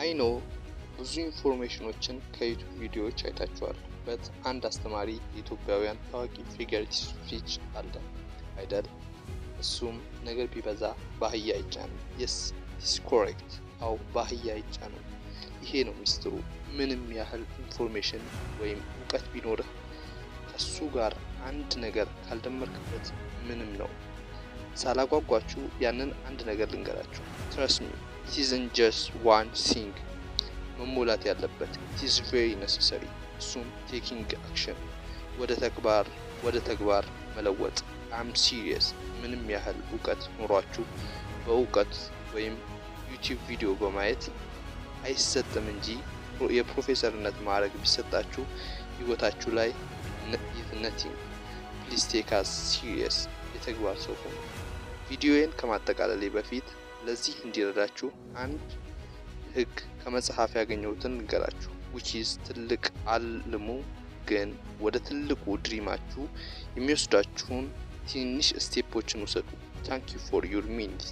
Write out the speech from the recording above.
አይኖ ብዙ ኢንፎርሜሽኖችን ከዩቱብ ቪዲዮዎች አይታችኋል። በት አንድ አስተማሪ የኢትዮጵያውያን ታዋቂ ፊገር ስፒች አለ አይደል? እሱም ነገር ቢበዛ በአህያ አይጫንም። የስ ስ ኮሬክት። አው በአህያ አይጫንም። ይሄ ነው ሚስትሩ ምንም ያህል ኢንፎርሜሽን ወይም እውቀት ቢኖርህ ከሱ ጋር አንድ ነገር ካልደመርክበት ምንም ነው። ሳላጓጓችሁ ያንን አንድ ነገር ልንገራችሁ። ትረስሚ ሲዝን ጀስ ዋን ሲንግ መሞላት ያለበት ቲዝ ቬሪ ነሰሰሪ። እሱም ቴኪንግ አክሽን ወደ ተግባር ወደ ተግባር መለወጥ። አም ሲሪየስ። ምንም ያህል እውቀት ኑሯችሁ በእውቀት ወይም ዩቲዩብ ቪዲዮ በማየት አይሰጥም እንጂ የፕሮፌሰርነት ማዕረግ ቢሰጣችሁ ህይወታችሁ ላይ ነቲንግ ፕሊስ ቴክ አስ ሲሪየስ የተግባር ሰው ሆኑ። ቪዲዮዬን ከማጠቃለሌ በፊት ለዚህ እንዲረዳችሁ አንድ ህግ ከመጽሐፍ ያገኘሁትን ንገራችሁ። ዊችዝ ትልቅ አልሙ፣ ግን ወደ ትልቁ ድሪማችሁ የሚወስዳችሁን ትንሽ ስቴፖችን ውሰዱ። ታንክ ዩ ፎር ዩር ሚኒትስ